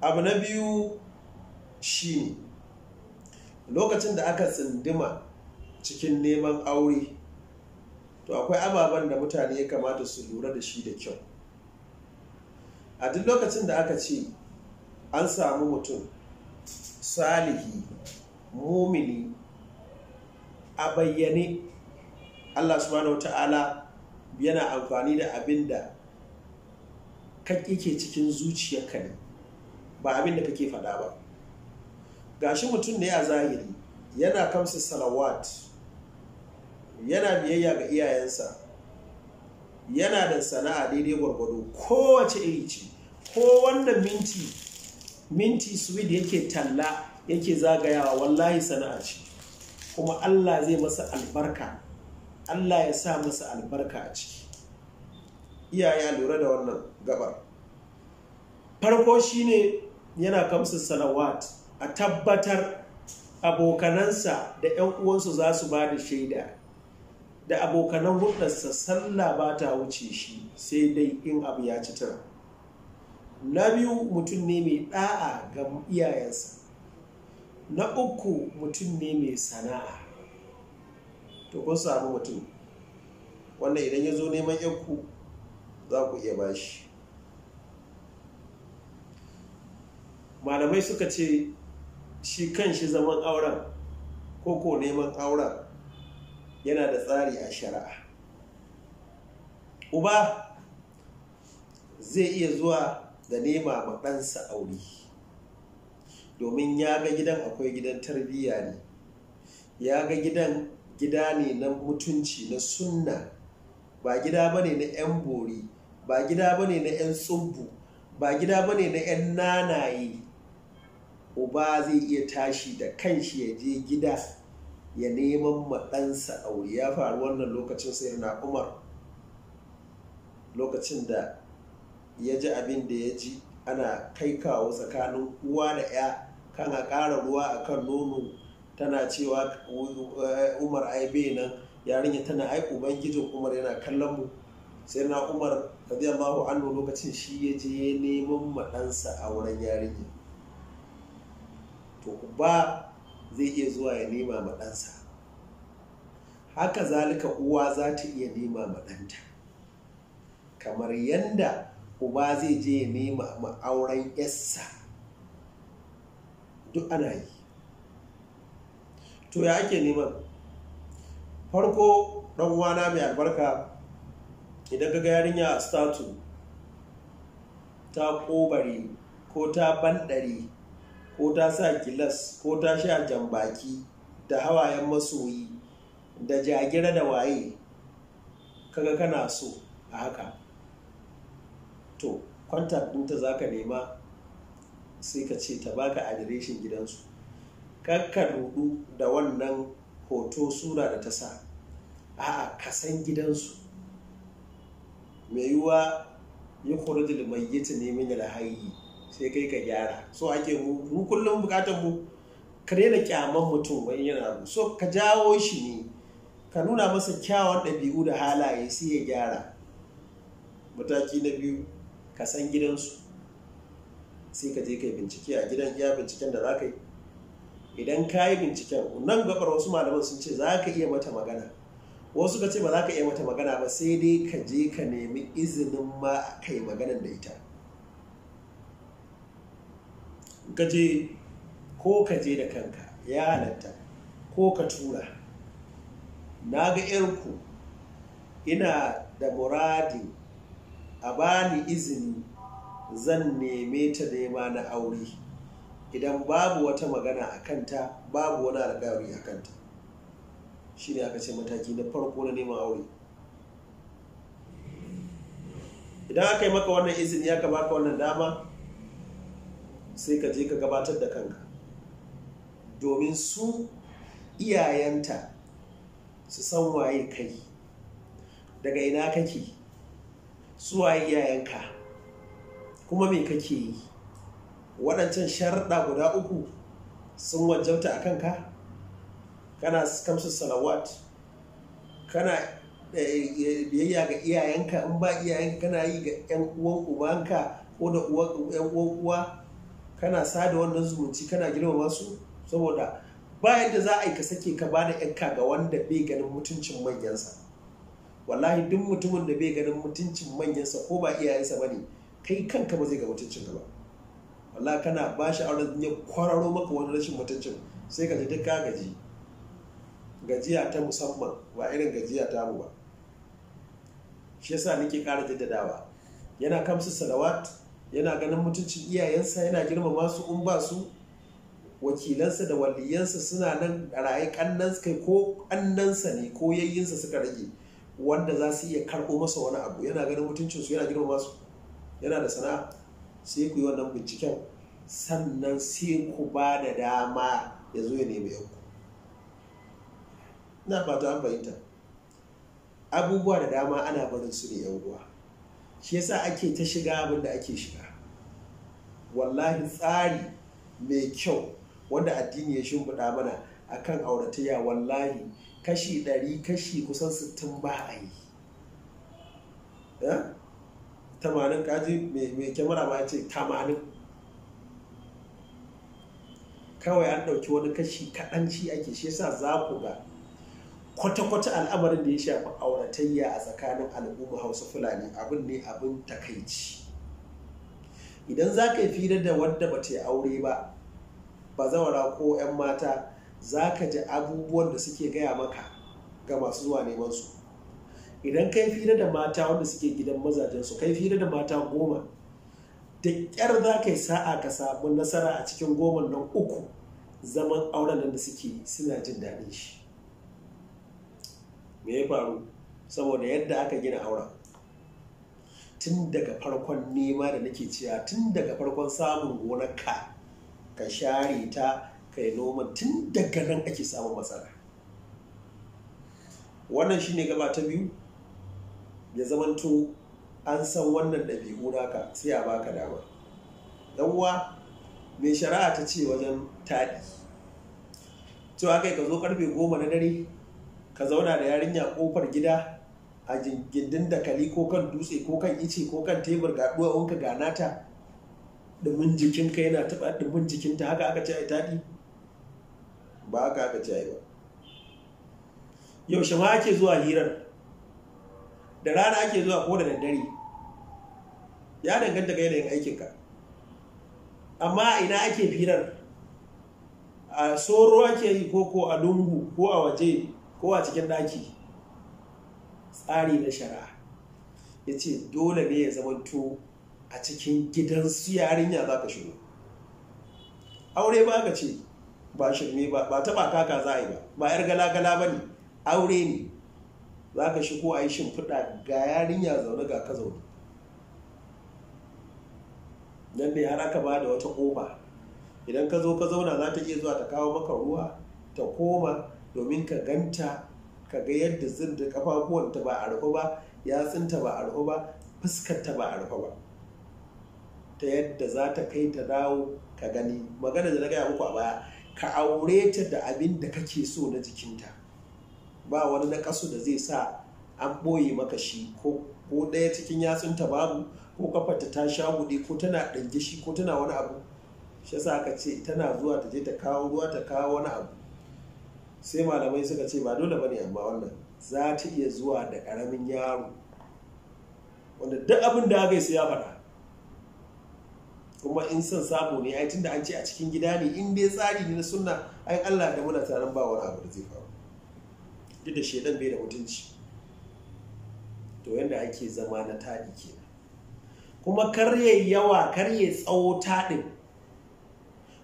abu na biyu shi lokacin da aka tsindima cikin neman aure to akwai ababen da mutane ya kamata su lura da shi da kyau a duk lokacin da aka ce an samu mutum salihi mumini a bayyane allah subhanahu ta'ala yana amfani da abin da kake cikin zuciyarka ne ba abin da kake faɗa ba gashi mutum ne a zahiri yana kamsa salawat yana biyayya ga iyayensa yana da sana'a daidai gwargwado kowace iri ce ko wanda minti minti swede yake talla yake zagayawa wallahi sana'a ce kuma allah zai masa albarka allah ya sa masa albarka a ciki iyaye lura da wannan gabar farko shine yana kamsa salawat a tabbatar abokanansa da 'yan uwansu za su ba da shaida da abokanan hudarsa sallah ba ta wuce shi sai dai in abu ya ci tara na biyu mutum ne mai ɗa'a ga iyayensa na uku mutum ne mai sana'a to kun samu mutum wannan idan ya zo neman yanku za ku iya bashi malamai suka ce shi kan shi zaman auren ko ko neman auren yana da tsari a shari'a uba zai iya zuwa da nema maɗansa auri aure domin ya ga gidan akwai gidan tarbiyya ne ya ga gidan gida ne na mutunci na sunna ba gida ba ne na 'yan bori ba gida ba ne na 'yan tsubbu ba gida ba ne na 'yan nanaye uba zai iya tashi da kanshi ya je gida ya neman maɗansa aure ya faru wannan lokacin sai na umar lokacin da ya ji abin da ya ji ana kai kawo tsakanin uwa da 'ya kan a ƙara ruwa a kan nono tana cewa eh, umar ai bai nan yarinya tana ai ubangijin umar yana kallon mu sai na umar radiyallahu anhu lokacin shi ya je neman maɗansa a wurin yarinya to uba zai iya zuwa ya nema ma ɗansa haka zalika uwa za ta iya nema maɗanta, kamar yadda uba zai je ya nema ma auren yassa duk ana yi to ya ake nema farko ɗan uwana mai albarka idan ga yarinya a statu ta ƙobare ko ta banɗari. ko ta sa gilas ko ta sha jambaki da hawayen masoyi da jagira da waye kaga kana so a haka to kwantar ɗin za ka nema sai ka ce ta baka adireshin gidansu kakka rudu da wannan hoto sura da ta sa a'a ka san gidansu mai yiwuwa yi kurudul mai yi ta neman yalhayi sai kai ka gyara so ake mu kullum bukatar mu ka daina kyaman mutum wani yana abu so ka jawo shi ne ka nuna masa kyawar ɗabi'u da halaye sai ya gyara mataki na biyu ka san gidansu sai ka je ka yi bincike a gidan iya binciken da za ka yi idan ka yi binciken nan gabar wasu malaman sun ce za ka iya mata magana wasu ka ce ba za ka iya mata magana ba sai dai ka je ka nemi izinin ma a kai maganar da ita gaje ko ka je da kanka ya halatta ko ka tura na ga ku ina da muradi a bani izini zan neme ta nema na aure idan babu wata magana a kanta babu wani alkawari a kanta shi ne aka ce mataki na farko na neman aure idan aka yi maka wannan izini ya ka baka wannan dama sai ka je ka gabatar da kanka domin su iyayenta su san waye kai daga ina kake su waye iyayenka kuma me kake yi waɗancan sharaɗa guda uku sun wajabta a kanka kana kamsu salawat kana eh, biyayya ga iyayenka in ba iyayenka kana yi ga 'yan uwan ubanka ko da uwan uwa kana sada wannan zumunci kana girmama su saboda ba yadda za a yi ka sake ka bada yanka ga wanda bai ganin mutuncin manyansa wallahi duk mutumin da bai ganin mutuncin manyansa ko ba iyayensa ba ne kai kanka ba zai ga mutuncin ka ba wallahi kana ba shi auren ya kwararo maka wani rashin mutuncin sai ka ji duk ka gaji gajiya ta musamman ba irin gajiya ta mu ba shi yasa nake kara jaddadawa yana kamsu salawat yana ganin mutuncin iyayensa yana girmama su in ba su wakilansa da waliyansa suna nan raye kannansa kai ko kannansa ne ko yayyinsa suka rage wanda za su iya karɓo masa wani abu yana ganin mutuncinsu yana girmama su yana da sana'a sai ku yi wannan binciken sannan sai ku ba da dama ya zo ya nemi yanku na fata an fahimta abubuwa da dama ana barin su ne yan ruwa. shi yasa ake ta shiga abin da ake shiga wallahi tsari mai kyau wanda addini ya shimfiɗa mana akan auratayya wallahi kashi ɗari kashi kusan sittin ba a yi eh? tamanin kaji mai kyamara ma ce tamanin kawai an ɗauki wani kashi kaɗanci ake shi yasa za ku ga kwata-kwata al'amarin da ya shafi auratayya a tsakanin al'umma hausa fulani abin ne abin takaici idan za ka yi fira da wadda ba ta yi aure ba ba zawara ko 'yan mata za ka ji abubuwan da suke gaya maka ga masu zuwa neman su idan kai fira da mata wanda suke gidan mazajensu kai fira da mata goma da ƙyar za ka yi sa'a ka samu nasara a cikin goma nan uku zaman auren da suke suna jin daɗin shi me ya faru saboda yadda aka gina auren tun daga farkon nema da nake ciya tun daga farkon samun gonar ka ka share ta ka yi noman tun daga nan ake samun matsala wannan shine gaba ta biyu ya zamanto an san wannan ɗabi'u naka sai a baka dama uwa mai shari'a ta ce wajen taɗi cewa kai ka zo karfe goma na dare ka zauna da yarinya kofar gida a gindin kali ko kan dutse ko kan ice ko kan tebur ga duwawunka ga nata dumin jikinka yana taɓa dumin jikinta haka aka ce a taɗi ba haka aka ce ba yaushe ma ake zuwa hirar da rana ake zuwa ko da daddare ya danganta ga yanayin aikinka amma ina ake hirar a tsoro ake yi ko ko a lungu ko a waje ko a cikin ɗaki tsari na shari'a ya ce dole ne ya zamanto a cikin gidan su yarinya za ka shigo aure ba ka ce ba shirme ba ba taɓa kaka za a yi ba ba yar gala-gala ba ne aure ne za ka shigo a yi shimfiɗa ga yarinya zaune ga ka zaune nan ne har aka ba da wata ƙofa idan ka zo ka zauna za ta iya zuwa ta kawo maka ruwa ta koma domin ka ganta ka ga yadda zirda kafafuwanta ba a rufe ba yatsunta ba a rufe ba fuskarta ba a rufe ba ta yadda za ta kai ta dawo ka gani magana da na gaya muku a baya ka aure ta da abin da kake so na jikinta ba wani na kasu da zai sa an ɓoye maka shi ko ɗaya cikin yatsunta babu ko kafarta ta sha guɗi ko tana ɗangishi ko tana wani abu shi yasa ka ce tana zuwa ta je ta kawo ruwa ta kawo wani abu sai malamai suka ce ba dole bane amma wannan za ta iya zuwa da ƙaramin yaro wanda duk abin da aka yi sai ya faɗa kuma in son sabo ne ai tunda an ce a cikin gida ne in dai tsari ne na sunna ai Allah da muna taron ba wani abu da zai faru duk da shedan bai da mutunci to yanda ake zama na taɗi ke kuma karye yawa karye tsawo taɗin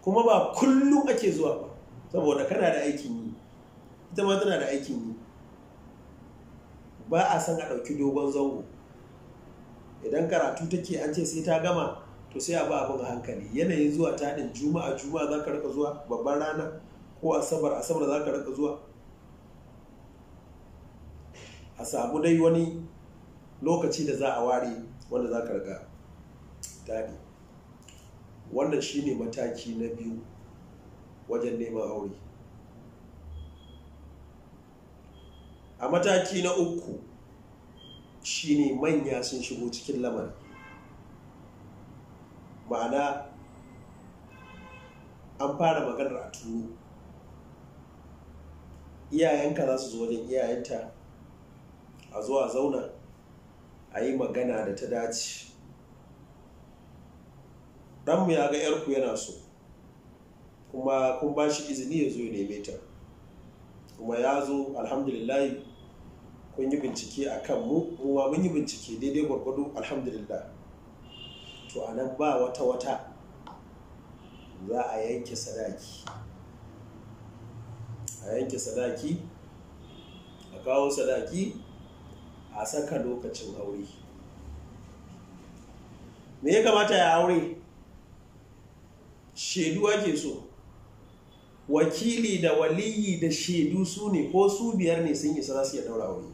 kuma ba kullum ake zuwa ba saboda kana da aikin yi ita ma tana da aikin yi ba a san a ɗauki dogon zango idan karatu take an ce sai ta gama to sai a ba abin hankali yanayin zuwa ta ɗin juma'a juma'a za ka rika zuwa babban rana ko asabar asabar za ka rika zuwa a samu dai wani lokaci da za a ware wanda za ka rika daɗi wannan shine mataki na biyu wajen neman aure a mataki na uku shine manya sun shigo cikin lamarin ma'ana an fara maganar a turo iyayenka za su zo wajen iyayenta a zo a zauna a yi magana da ta dace ɗanmu ya ga yarku yana so kuma kun ba shi izini ya zo ya neme ta kuma ya zo alhamdulillahi kun yi bincike a kan mu ma mun yi bincike daidai gwargwado alhamdulillah to a nan ba wata wata za a yanke sadaki a yanke sadaki a kawo sadaki a saka lokacin aure me ya kamata ya aure shaidu ake so wakili da waliyi da shaidu su ne ko su biyar ne sun yi za su iya daura aure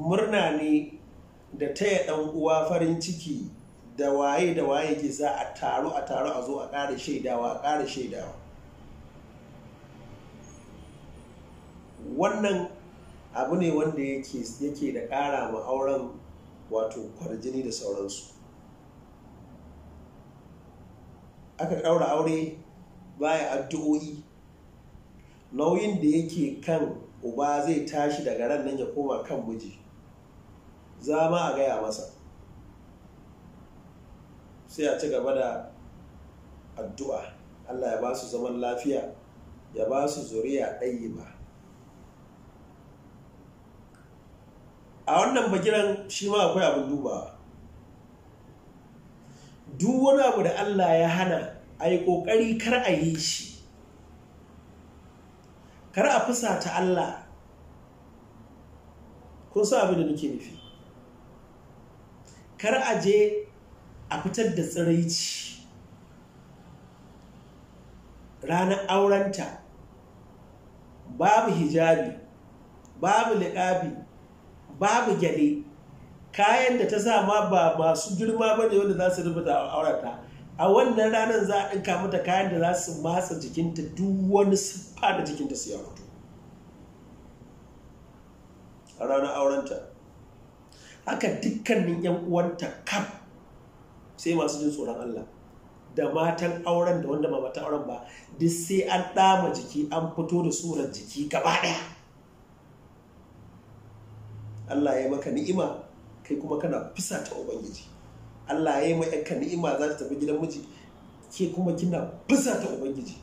murna ne da taya ɗan uwa farin ciki da waye da waye ke za a taru a taru a zo a ƙara shaidawa a ƙara shaidawa wannan abu ne wanda yake da ƙara ma auren wato kwarjini da sauransu aka ɗaura aure baya addu'o'i nauyin da yake kan uba zai tashi daga ran nan ya koma kan miji za ma a gaya masa sai a ci gaba da addu'a allah ya ba su zaman lafiya ya ba su zuriya ɗayi ba a wannan bagiran shi ma akwai abin dubawa duk wani abu da allah ya hana a yi ƙoƙari kar a yi shi kar a ta allah kun sa abin da nake nufi kar a je a fitar da tsiraici ranar aurenta babu hijabi babu liƙabi babu gyale kayan da ta sa ma ba masu girma ba ne wanda za su rubuta a aurata a wannan ranar za a ɗinka mata kayan da za su matsa jikinta duk wani siffa da jikinta su ya fito a ranar aurenta haka dukkanin yan uwanta kaf sai masu jin tsoron Allah da matan auren da wanda ba matan auren ba duk sai an ɗama jiki an fito da surar jiki gaba ɗaya Allah ya maka ni'ima kai kuma kana fusa ta ubangiji Allah ya yi ma ni'ima za ta tafi gidan miji ke kuma kina fusa ta ubangiji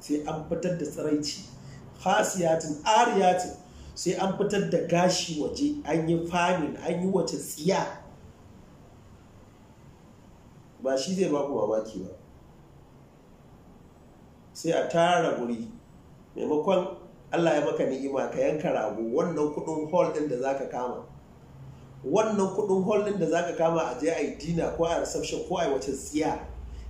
sai an fitar da tsaraici hasiyatin ariyatin sai an fitar da gashi waje an yi famin an yi wace tsiya ba shi zai baku mamaki ba sai a tara guri maimakon allah ya maka ni'ima ka yanka rago wannan kudin hall din da zaka kama wannan kudin hall din da zaka kama a je a yi dina ko a reception ko a yi wace tsiya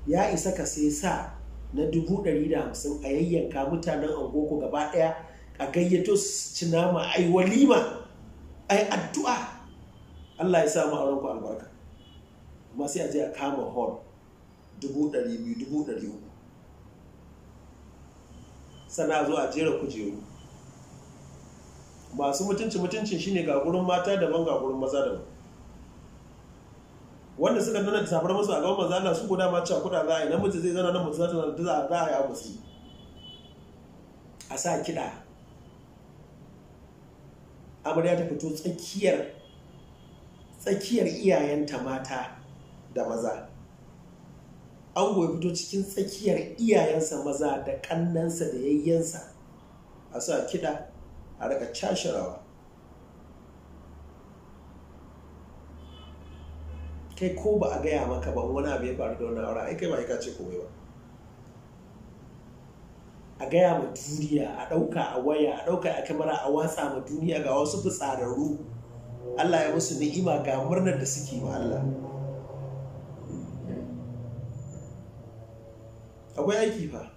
ya isa ka sai sa na dubu ɗari da hamsin a yayyanka mutanen angoko gaba ɗaya a gayyato su ci nama ai walima ai addu'a Allah ya sa auren ku albarka amma sai a je a kama hall dubu ɗari biyu dubu ɗari uku sana zo a jera kujeru masu mutunci mutuncin shine ga gurin mata daban ga gurin maza daban wanda suka nuna da safar musu a gaban manzo Allah su guda ma cewa kuɗa za a yi namiji zai zana nan mutum za ta za a yi ya musu a sa kiɗa amarya ta fito tsakiyar tsakiyar iyayenta mata da maza ango ya fito cikin tsakiyar iyayensa maza da kannansa da yayyensa a sa kiɗa a raka cashirawa kai ko ba a gaya maka ba wani abu ya faru da wani aure ai kai ba ka ce komai ba a gaya ma duniya a ɗauka a waya a ɗauka a kamara a watsa ma duniya ga wasu fitsararru Allah ya musu ni'ima ga murnar da suke ma Allah akwai aiki fa